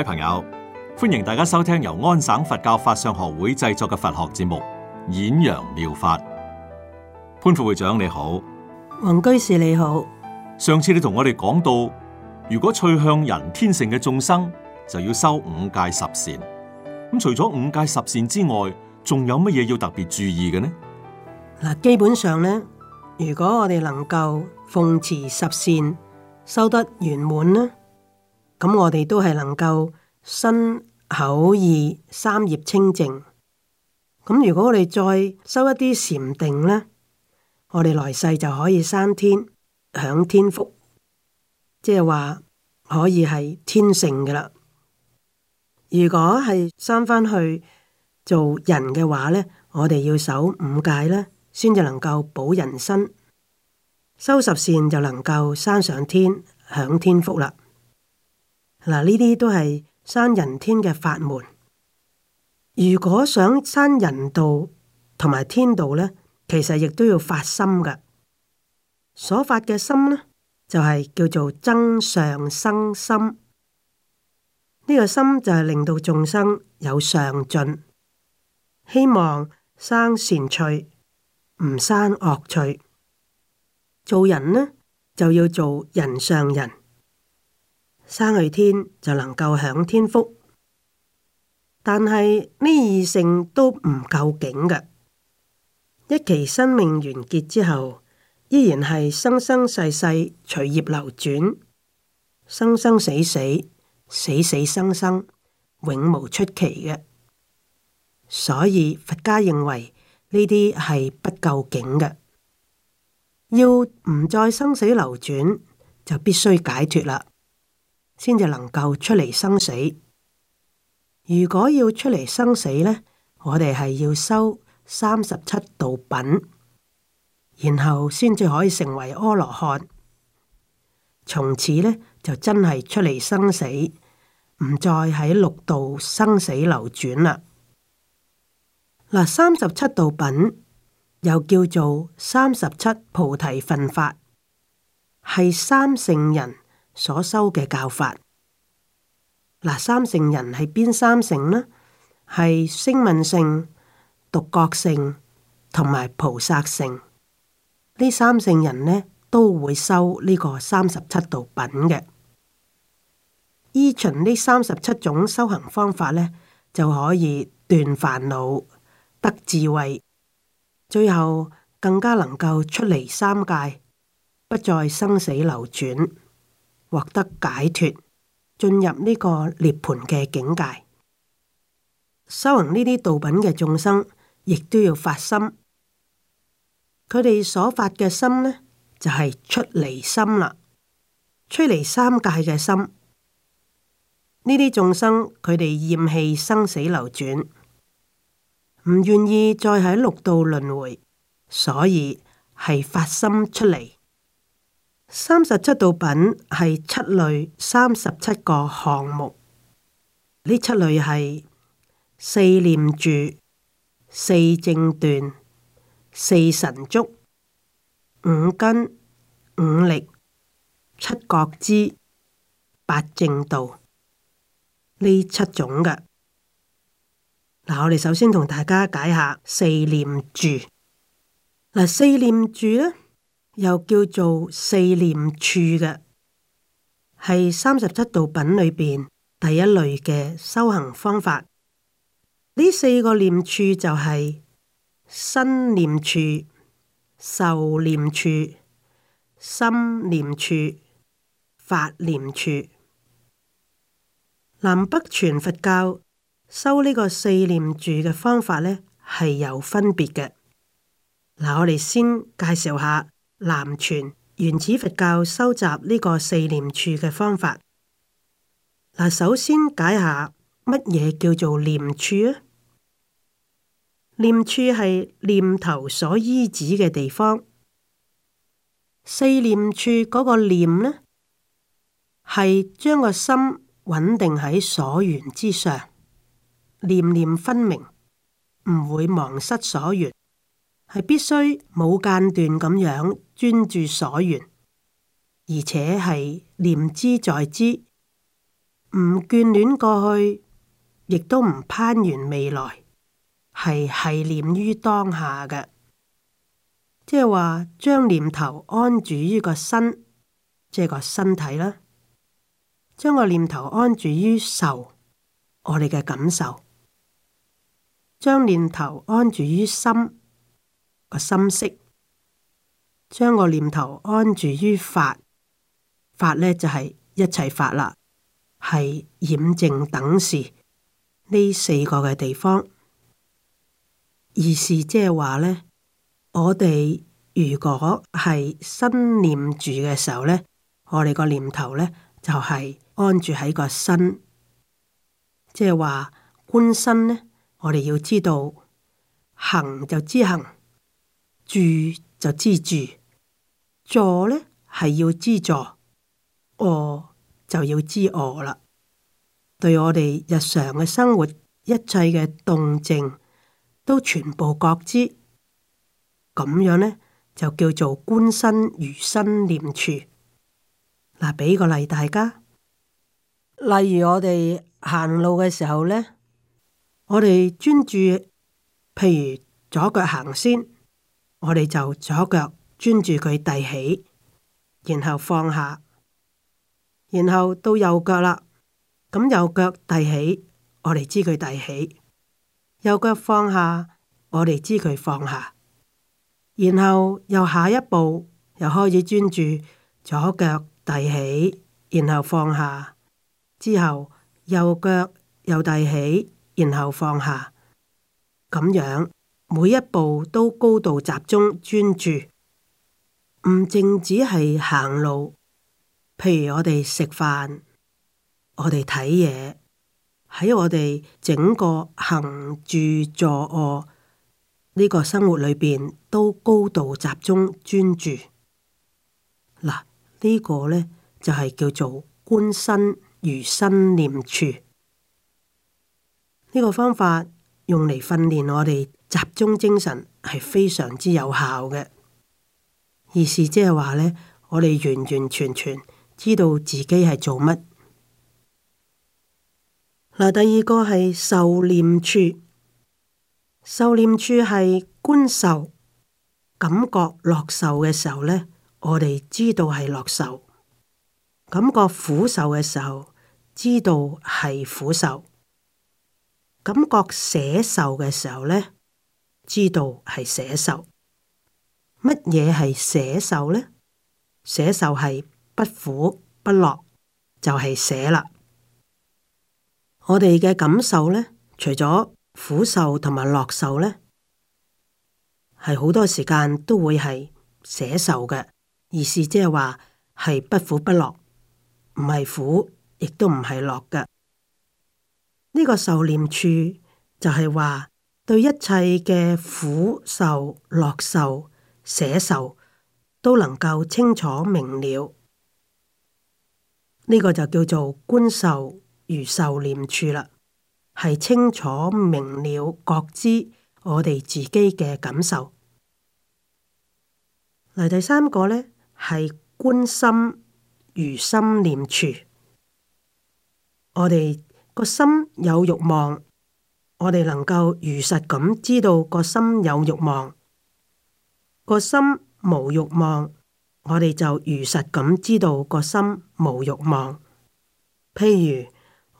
各位朋友，歡迎大家收聽由安省佛教法相學會製作嘅佛學節目《演揚妙，妙法》。潘副會長你好，王居士你好。上次你同我哋講到，如果趣向人天性嘅眾生，就要修五戒十善。咁除咗五戒十善之外，仲有乜嘢要特別注意嘅呢？嗱，基本上呢，如果我哋能夠奉持十善，修得圓滿呢，咁我哋都係能夠身口意三業清淨。咁如果我哋再修一啲禪定呢，我哋來世就可以生天享天福，即係話可以係天性嘅啦。如果係生返去做人嘅話呢，我哋要守五戒呢，先至能夠保人身，修十善就能夠生上天享天福啦。嗱，呢啲都係生人天嘅法門。如果想生人道同埋天道咧，其實亦都要發心噶。所發嘅心呢，就係、是、叫做增上生心。呢、這個心就係令到眾生有上進，希望生善趣，唔生惡趣。做人呢，就要做人上人。生去天就能夠享天福，但係呢異性都唔夠景嘅。一期生命完結之後，依然係生生世世隨業流轉，生生死死、死死生生，永無出期嘅。所以佛家認為呢啲係不夠景嘅，要唔再生死流轉，就必須解脫啦。先至能夠出嚟生死。如果要出嚟生死呢，我哋係要修三十七道品，然後先至可以成為阿羅漢。從此呢，就真係出嚟生死，唔再喺六道生死流轉啦。嗱，三十七道品又叫做三十七菩提分法，係三聖人所修嘅教法，嗱，三乘人係邊三乘呢？係聲聞乘、獨覺乘同埋菩薩乘。呢三乘人呢，都會修呢個三十七道品嘅。依循呢三十七種修行方法呢，就可以斷煩惱、得智慧，最後更加能夠出離三界，不再生死流轉，獲得解脫，進入呢個涅槃嘅境界。修行呢啲道品嘅眾生，亦都要發心。佢哋所發嘅心呢，就係、是、出離心啦，出離三界嘅心。呢啲眾生，佢哋厭棄生死流轉，唔願意再喺六道輪迴，所以係發心出嚟。三十七道品係七類三十七個項目，呢七類係四念住、四正斷、四神足、五根、五力、七覺支、八正道呢七種嘅。嗱，我哋首先同大家解下四念住。嗱，四念住咧。又叫做四念處嘅，係三十七道品裏邊第一類嘅修行方法。呢四個念處就係身念處、受念處、心念處、法念處。南北傳佛教修呢個四念處嘅方法呢，係有分別嘅。嗱，我哋先介紹下。南傳原始佛教收集呢個四念處嘅方法。嗱，首先解下乜嘢叫做念處啊？念處係念頭所依止嘅地方。四念處嗰個念呢，係將個心穩定喺所緣之上，念念分明，唔會忘失所緣。係必須冇間斷咁樣專注所緣，而且係念之在之，唔眷戀過去，亦都唔攀緣未來，係係念於當下嘅。即係話將念頭安住於個身，即係個身體啦；將個念頭安住於受，我哋嘅感受；將念頭安住於心。個心識，將個念頭安住於法，法呢就係、是、一切法啦，係染淨等時呢四個嘅地方。而是即係話呢，我哋如果係身念住嘅時候呢，我哋個念頭呢就係、是、安住喺個身，即係話觀身呢，我哋要知道行就知行。住就知住，坐呢係要知坐，卧就要知卧啦。對我哋日常嘅生活，一切嘅動靜都全部覺知，咁樣呢，就叫做觀身如身念處。嗱，俾個例大家，例如我哋行路嘅時候呢，我哋專注，譬如左腳行先。我哋就左腳專注佢遞起，然後放下，然後到右腳啦。咁右腳遞起，我哋知佢遞起；右腳放下，我哋知佢放下。然後又下一步，又開始專注左腳遞起，然後放下。之後右腳又遞起，然後放下，咁樣。每一步都高度集中專注，唔淨只係行路。譬如我哋食飯，我哋睇嘢，喺我哋整個行住坐臥呢個生活裏邊，都高度集中專注。嗱，呢個呢就係叫做觀身如身念處。呢個方法用嚟訓練我哋。集中精神係非常之有效嘅，意思即係話呢，我哋完完全全知道自己係做乜。嗱，第二個係受念處，受念處係觀受，感覺樂受嘅時候呢，我哋知道係樂受；感覺苦受嘅時候，知道係苦受；感覺捨受嘅時候呢，知道係捨受，乜嘢係捨受呢？捨受係不苦不樂，就係捨啦。我哋嘅感受呢，除咗苦受同埋樂受呢，係好多時間都會係捨受嘅，意思即係話係不苦不樂，唔係苦亦都唔係樂嘅。呢、這個受念處就係話。對一切嘅苦受、樂受、捨受都能夠清楚明了，呢、呢個就叫做觀受如受念處啦，係清楚明了覺知我哋自己嘅感受。嚟第三個呢，係觀心如心念處，我哋個心有慾望。我哋能夠如實咁知道個心有慾望，個心無慾望，我哋就如實咁知道個心無慾望。譬如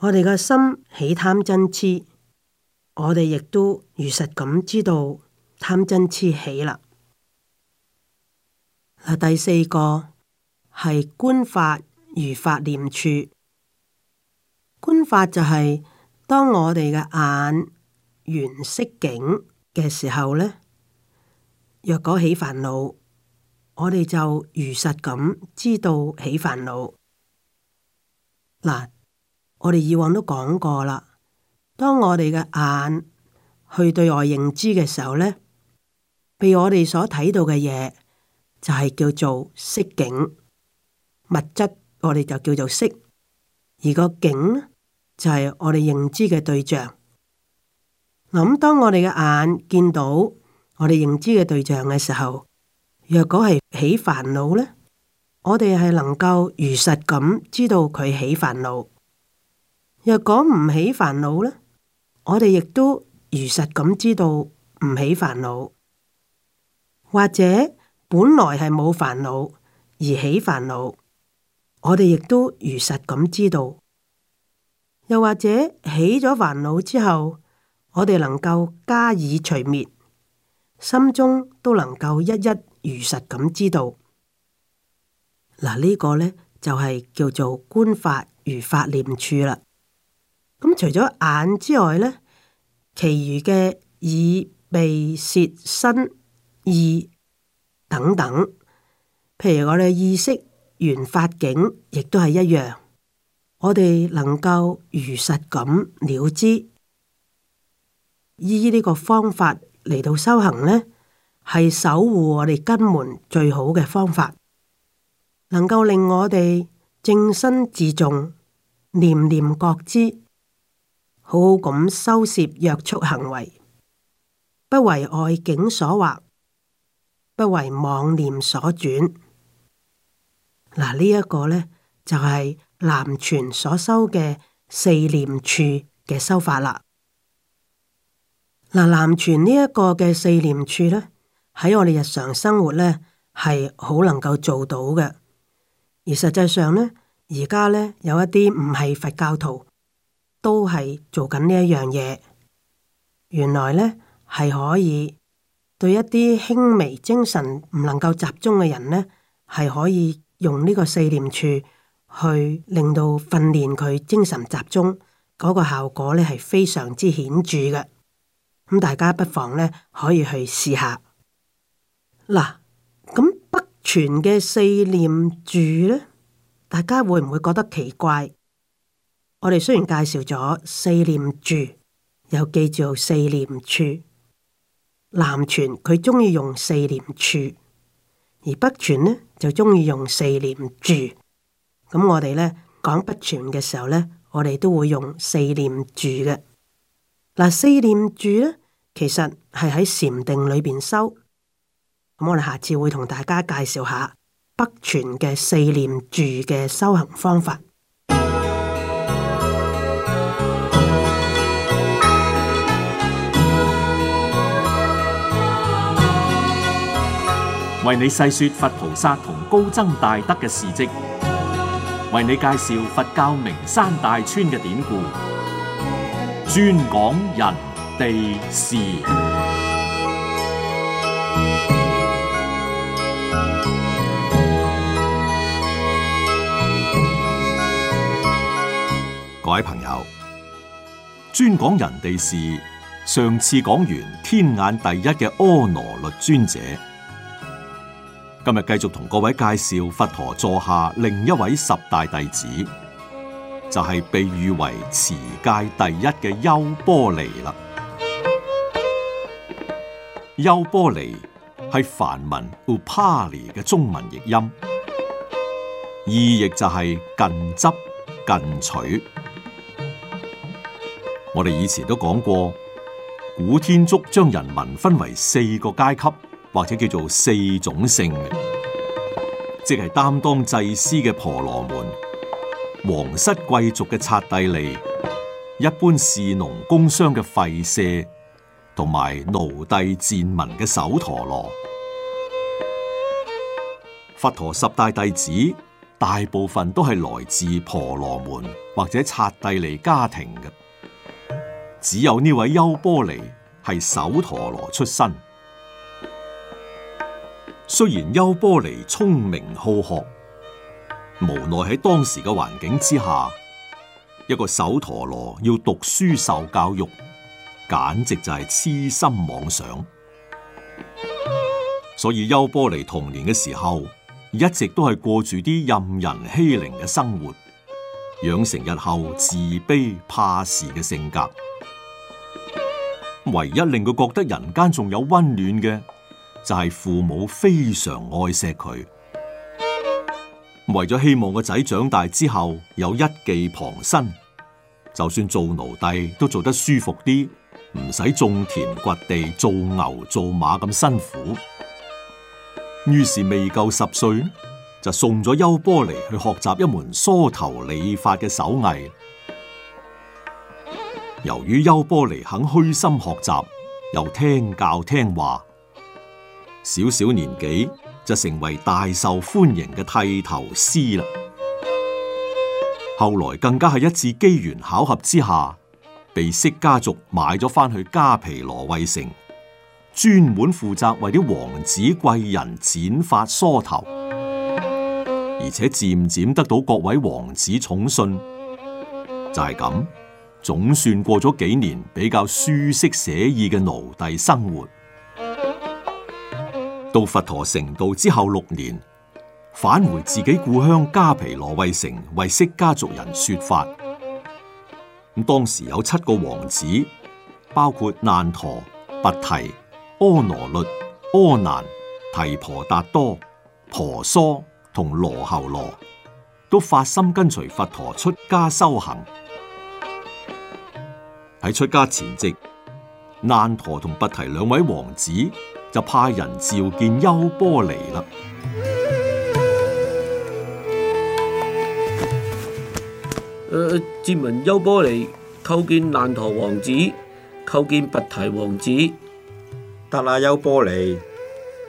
我哋個心起貪嗔痴，我哋亦都如實咁知道貪嗔痴起啦。嗱，第四個係觀法如法念處，觀法就係、是。當我哋嘅眼緣色境嘅時候呢，若果起煩惱，我哋就如實咁知道起煩惱。嗱，我哋以往都講過啦。當我哋嘅眼去對外認知嘅時候呢，被我哋所睇到嘅嘢就係叫做色境，物質我哋就叫做色。而個境，就係我哋認知嘅對象。咁當我哋嘅眼見到我哋認知嘅對象嘅時候，若果係起煩惱呢，我哋係能夠如實咁知道佢起煩惱；若果唔起煩惱呢，我哋亦都如實咁知道唔起煩惱。或者本來係冇煩惱而起煩惱，我哋亦都如實咁知道。又或者起咗煩惱之後，我哋能夠加以除滅，心中都能夠一一如實咁知道。嗱，呢個呢，就係叫做觀法如法念處啦。咁除咗眼之外呢，其餘嘅耳、鼻、舌、身、意等等，譬如我哋意識緣法境，亦都係一樣。我哋能夠如實咁了知，依呢個方法嚟到修行呢，係守護我哋根門最好嘅方法，能夠令我哋正身自重，念念覺知，好好咁收攝約束行為，不為外境所惑，不為妄念所轉。嗱，呢、這、一個呢，就係、是。南傳所修嘅四念處嘅修法啦，嗱，南傳呢一個嘅四念處呢，喺我哋日常生活呢係好能夠做到嘅，而實際上呢，而家呢有一啲唔係佛教徒都係做緊呢一樣嘢，原來呢係可以對一啲輕微精神唔能夠集中嘅人呢，係可以用呢個四念處。去令到訓練佢精神集中嗰個效果呢係非常之顯著嘅，咁大家不妨呢可以去試下。嗱，咁北傳嘅四念住呢，大家會唔會覺得奇怪？我哋雖然介紹咗四念住，又記住四念處，南傳佢中意用四念處，而北傳呢就中意用四念住。咁我哋呢講北傳嘅時候呢，我哋都會用四念住嘅。嗱、啊，四念住呢，其實係喺禪定裏邊修。咁我哋下次會同大家介紹下北傳嘅四念住嘅修行方法。為你細說佛菩薩同高僧大德嘅事跡。為你介紹佛教名山大川嘅典故，專講人地事。各位朋友，專講人地事。上次講完天眼第一嘅阿那律尊者。今日繼續同各位介紹佛陀座下另一位十大弟子，就係、是、被譽為持戒第一嘅優波離啦。優波離係梵文 upali 嘅中文譯音，意譯就係近執近取。我哋以前都講過，古天竺將人民分為四個階級。或者叫做四種姓，即係擔當祭司嘅婆羅門、皇室貴族嘅剎帝利、一般士農工商嘅吠舍，同埋奴隸賤民嘅首陀羅。佛陀十大弟子大部分都係來自婆羅門或者剎帝利家庭嘅，只有呢位優波離係首陀羅出身。雖然優波離聰明好學，無奈喺當時嘅環境之下，一個首陀羅要讀書受教育，簡直就係痴心妄想。所以優波離童年嘅時候，一直都係過住啲任人欺凌嘅生活，養成日後自卑怕事嘅性格。唯一令佢覺得人間仲有溫暖嘅，就係父母非常愛錫佢，為咗希望個仔長大之後有一技傍身，就算做奴隸都做得舒服啲，唔使種田掘地、做牛做馬咁辛苦。於是未夠十歲就送咗優波離去學習一門梳頭理髮嘅手藝。由於優波離肯虛心學習，又聽教聽話。小小年紀就成為大受歡迎嘅剃頭師啦。後來更加係一次機緣巧合之下，被釋家族買咗返去迦毗羅衛城，專門負責為啲王子貴人剪髮梳頭，而且漸漸得到各位王子寵信。就係、是、咁，總算過咗幾年比較舒適寫意嘅奴隸生活。到佛陀成道之後六年，返回自己故鄉迦毗羅衛城，為釋迦族人說法。咁當時有七個王子，包括難陀、跋提、阿羅律、阿難、提婆達多、婆娑同羅睺羅，都發心跟隨佛陀出家修行。喺出家前夕，難陀同跋提兩位王子。就派人召見優波離啦！誒、呃，賤民優波離，叩見難陀王子，叩見拔提王子。得啦優波離，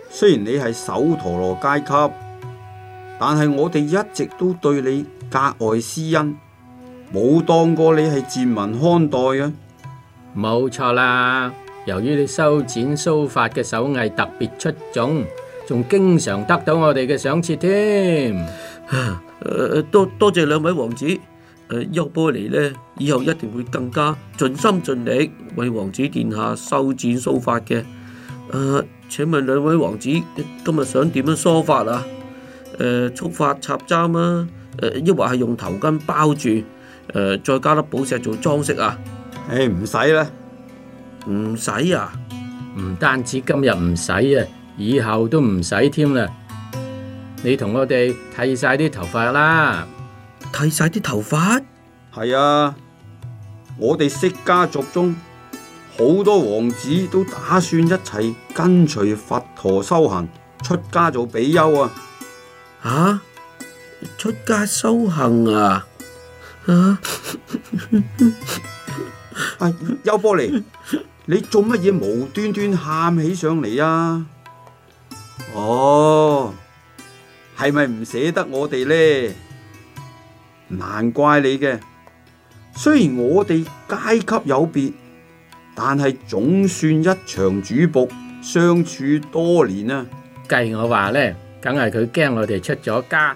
雖然你係首陀羅階級，但係我哋一直都對你格外施恩，冇當過你係賤民看待啊！冇錯啦。由於你修剪鬚髮嘅手藝特別出眾，仲經常得到我哋嘅賞賜添。多多謝兩位王子，誒、呃，優波離呢以後一定會更加盡心盡力為王子殿下修剪鬚髮嘅。誒、呃，請問兩位王子今日想點樣梳髮啊？誒、呃，束髮插簪啊？誒、呃，抑或係用頭巾包住？誒、呃，再加粒寶石做裝飾啊？誒、欸，唔使啦。唔使啊！唔單止今日唔使啊，以後都唔使添啦。你同我哋剃晒啲頭髮啦，剃晒啲頭髮？係啊，我哋釋迦族中好多王子都打算一齊跟隨佛陀修行，出家做比丘啊！吓、啊，出家修行啊？吓、啊，阿優、 哎、波離。你做乜嘢無端端喊起上嚟啊？哦，係咪唔捨得我哋咧？難怪你嘅，雖然我哋階級有別，但係總算一場主僕相處多年啦、啊。計我話咧，梗係佢驚我哋出咗家。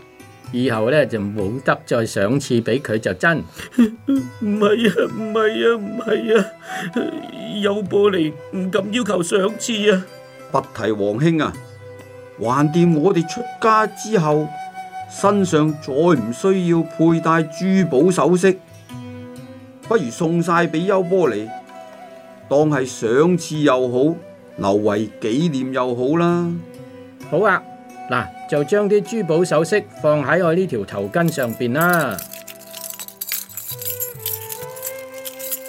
以後呢就冇得再賞賜俾佢，就真唔係啊。唔係啊，唔係啊，優波離唔敢要求賞賜啊！拔提王兄啊，橫掂，我哋出家之後身上再唔需要佩戴珠寶首飾，不如送晒俾優波離，當係賞賜又好，留為紀念又好啦。好啊，嗱。就將啲珠寶首飾放喺我呢條頭巾上邊啦。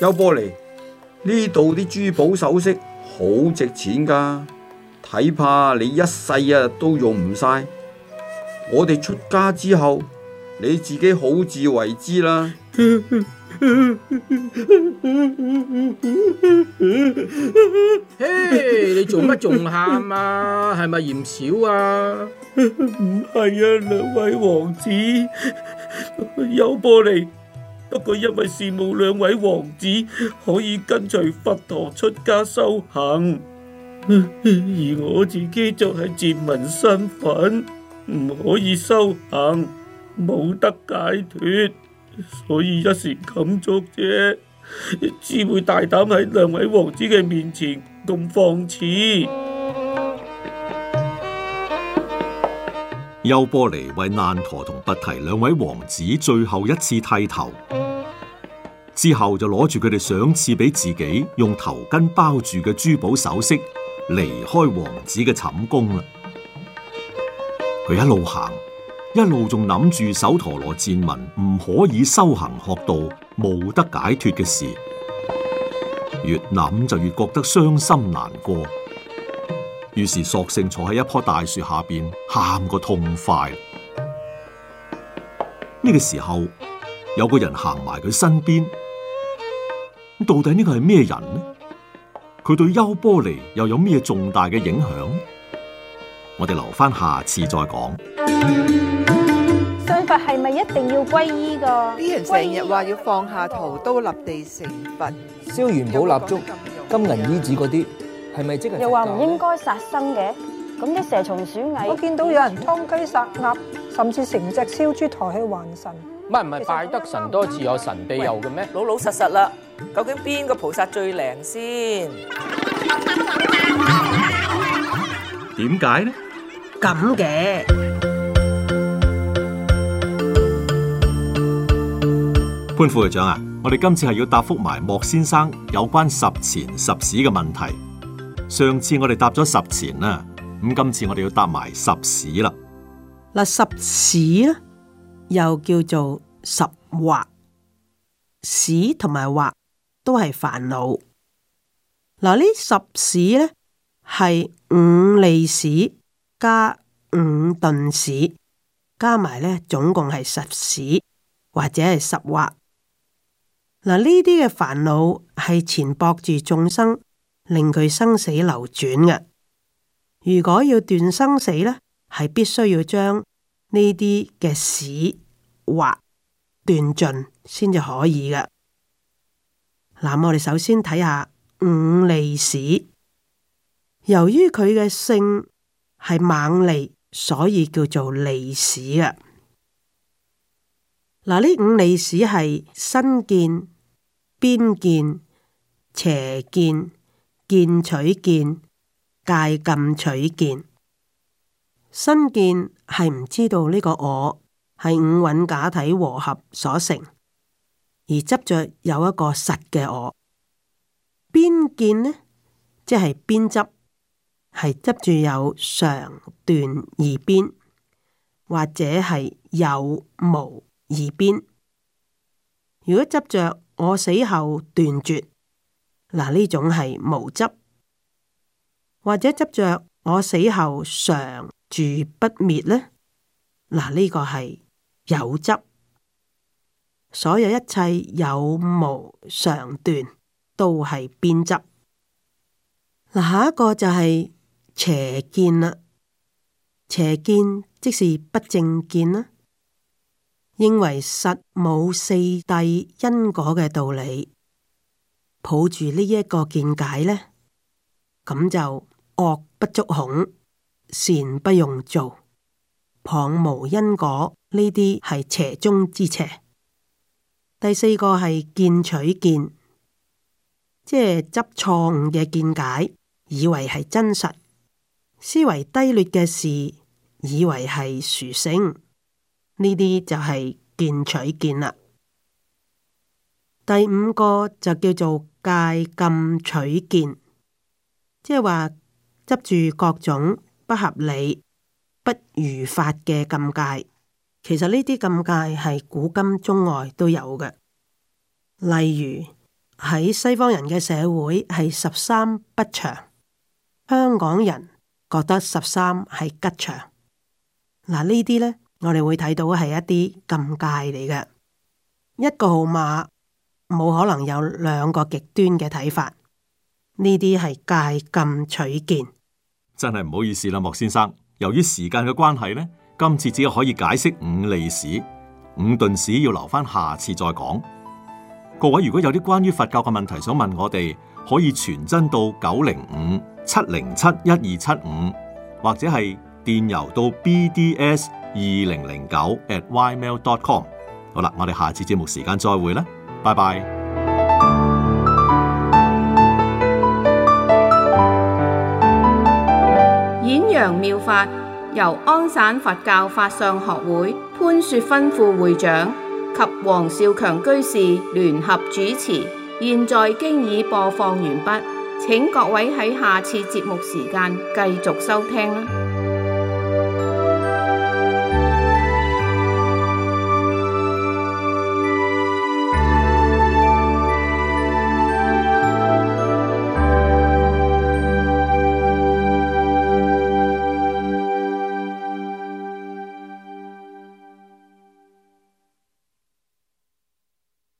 優波離，呢度啲珠寶首飾好值錢噶，睇怕你一世啊都用唔晒。我哋出家之後，你自己好自為之啦。 嘿， hey，你做乜仲喊啊？係咪嫌少啊？唔係 啊，兩位王子，優波離，不過因為羨慕兩位王子可以跟隨佛陀出家修行，而我自己就係賤民身份，唔可以修行，冇得解脫。所以一時感足啫，只會大膽喺兩位王子嘅面前咁放肆。優波離為難陀同拔提兩位王子最後一次剃頭之後，就攞住佢哋上次俾自己用頭巾包住嘅珠寶首飾，離開王子嘅寢宮啦。佢一路行。一路仲諗住首陀羅賤民，唔可以修行學道冇得解脱嘅事，越諗就越覺得傷心難過，於是索性坐喺一棵大樹下邊喊個痛快。呢個時候，有個人行埋佢身邊，到底呢個係咩人呢？佢對優波離又有咩重大嘅影響？我哋留翻下次再講。信佛係咪一定要皈依噶？啲人成日話要放下屠刀立地成佛，燒元寶蠟燭、金銀衣紙嗰啲，係咪即係？又話唔應該殺生嘅，咁啲蛇蟲鼠蟻，我見到有人殺雞殺鴨，甚至成隻燒豬抬去還神。唔係唔係，拜得神多自有神庇佑嘅咩？老老實實啦，究竟邊個菩薩最靈先？點解呢？咁嘅潘副隊長啊，我哋今次係要答覆埋莫先生有關十纏十使嘅問題。上次我哋答咗十纏啦，咁今次我哋要答埋十使啦。嗱，十使咧又叫做十惑，使同埋惑都係煩惱。嗱，呢十使咧係五利使，加五鈍使，加埋咧，總共係十使，或者係十惑。嗱，呢啲嘅煩惱係纏縛住眾生，令佢生死流轉嘅。如果要斷生死咧，係必須要將呢啲嘅使惑斷盡先至可以嘅。嗱，我哋首先睇下五利使，由於佢嘅性，係猛利，所以叫做利使啊！嗱，呢五利使係身見、邊見、邪見、見取見、戒禁取見。身見係唔知道呢個我係五蘊假體和合所成，而執着有一個實嘅我。邊見呢，即係邊執。係執住有常斷而邊，或者係有無而邊。如果執着我死後斷絕，嗱呢種係無執；或者執着我死後常住不滅呢，嗱呢個係有執。所有一切有無常斷都係邊執。嗱，下一個就係、是。邪見啦、啊，邪見即是不正見啦、啊，認為實冇四諦因果嘅道理，抱住呢一個見解呢，咁就惡不足恐，善不用做，撥無因果呢啲係邪中之邪。第四個係見取見，即係執錯誤嘅見解，以為係真實。思維低劣嘅事，以為係殊勝，呢啲就係見取見啦。第五個就叫做戒禁取見，即係話執住各種不合理、不如法嘅禁戒。其實呢啲禁戒係古今中外都有嘅，例如喺西方人嘅社會係十三不祥，香港人。覺得十三係吉祥，嗱呢啲呢，我哋會睇到係一啲禁戒嚟嘅。一個號碼冇可能有兩個極端嘅睇法，呢啲係戒禁取見。真係唔好意思啦，莫先生，由於時間嘅關係呢，今次只可以解釋五利使、五鈍使，要留翻下次再講。各位如果有啲關於佛教嘅問題想問我哋，可以傳真到九零五。七零七一二七五，或者係電郵到 bds 二零零九 @ymail.com。好啦，我哋下次節目時間再會啦，拜拜。演揚妙法由安省佛教法相學會潘雪芬副會長及黃少強居士聯合主持，現在經已播放完畢。請各位喺下次節目時間繼續收聽啦。